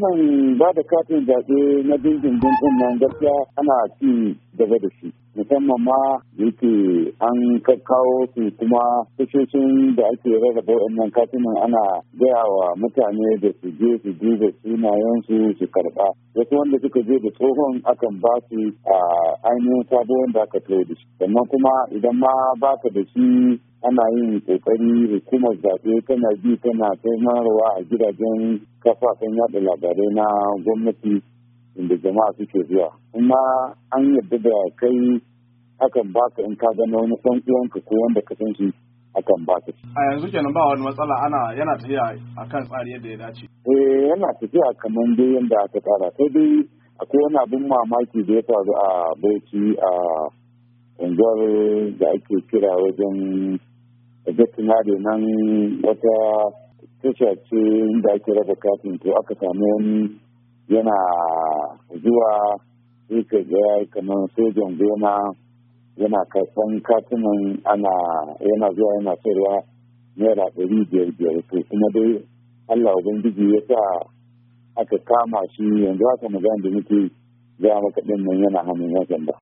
wannan ba da katin zaɓe na dindindin ɗin nan gaskiya ana ci gaba da shi musamman ma yake an kakkawo su kuma tashoshin da ake rarraba wannan katunan ana gaya wa mutane da su je su duba sunayen su karba wasu wanda suka je da tsohon akan ba su a ainihin sabon da aka tawo da shi sannan kuma idan ma baka da shi ana yin kokari hukumar zaɓe tana bi tana taimarwa a gidajen kafafen yada labarai na gwamnati inda jama'a suke zuwa kuma an yadda da kai akan baka in ka gano wani ɗan uwanka ko wanda ka san shi akan baka a yanzu kenan ba wani matsala ana yana tafiya akan tsari yadda ya dace eh yana tafiya kamar dai yadda aka tsara sai dai akwai wani abin mamaki da ya faru a Bauchi a unguwar da ake kira wajen da veterinary nan wata tasha ce da ake raba katin to aka samu wani yana zuwa sai ka ga kamar sojan gona yana kasan katunan ana yana zuwa yana sayarwa naira ɗari biyar biyar to kuma dai Allah Ubangiji ya sa aka kama shi yanzu haka magana da muke za maka ɗin nan yana hannun wajen ba.